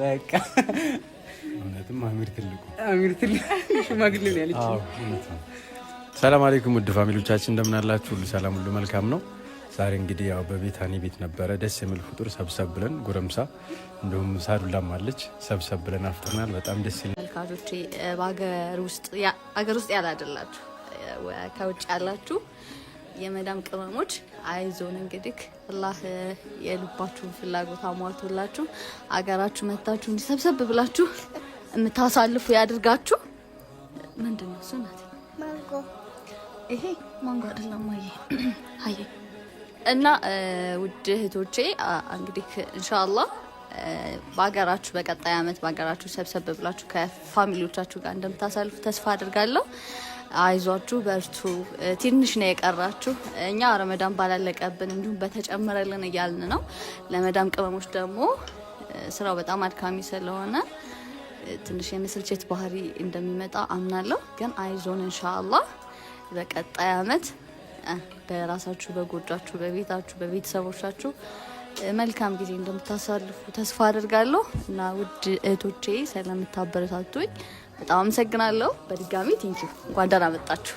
በቃ እውነትም አሚር ትልቁ አሚር ትልቁ ሽማግሌ ነው ያለች። ሰላም አለይኩም ውድ ፋሚሊዎቻችን እንደምን አላችሁ? ሁሉ ሰላም፣ ሁሉ መልካም ነው። ዛሬ እንግዲህ ያው በቤታኒ ቤት ነበረ ደስ የሚል ፍጡር ሰብሰብ ብለን ጎረምሳ እንዲሁም ሳዱላም አለች ሰብሰብ ብለን አፍጥናል። በጣም ደስ ይላል። መልካቶቼ በሀገር ውስጥ ያላደላችሁ ከውጭ ያላችሁ የመዳም ቅመሞች አይዞን እንግዲህ አላህ የልባችሁን ፍላጎት አሟልቶላችሁ አገራችሁ መታችሁ እንዲሰብሰብ ብላችሁ የምታሳልፉ ያድርጋችሁ። ምንድን ነው እሱ? ናት ይሄ ማንጎ አይደለም ወይ? አየ። እና ውድ እህቶቼ እንግዲህ እንሻላ በሀገራችሁ በቀጣይ አመት በሀገራችሁ ሰብሰብ ብላችሁ ከፋሚሊዎቻችሁ ጋር እንደምታሳልፉ ተስፋ አድርጋለሁ። አይዟችሁ በርቱ፣ ትንሽ ነው የቀራችሁ፣ እኛ ረመዳን ባላለቀብን እንዲሁም በተጨመረልን እያልን ነው። ለመዳም ቅመሞች ደግሞ ስራው በጣም አድካሚ ስለሆነ ትንሽ የመሰልቸት ባህሪ እንደሚመጣ አምናለሁ። ግን አይዞን ኢንሻአላህ በቀጣይ አመት በራሳችሁ በጎጃችሁ፣ በቤታችሁ፣ በቤተሰቦቻችሁ መልካም ጊዜ እንደምታሳልፉ ተስፋ አድርጋለሁ እና ውድ እህቶቼ ስለምታበረታቱኝ በጣም አመሰግናለሁ። በድጋሚ ቴንኪው። እንኳን ደህና መጣችሁ።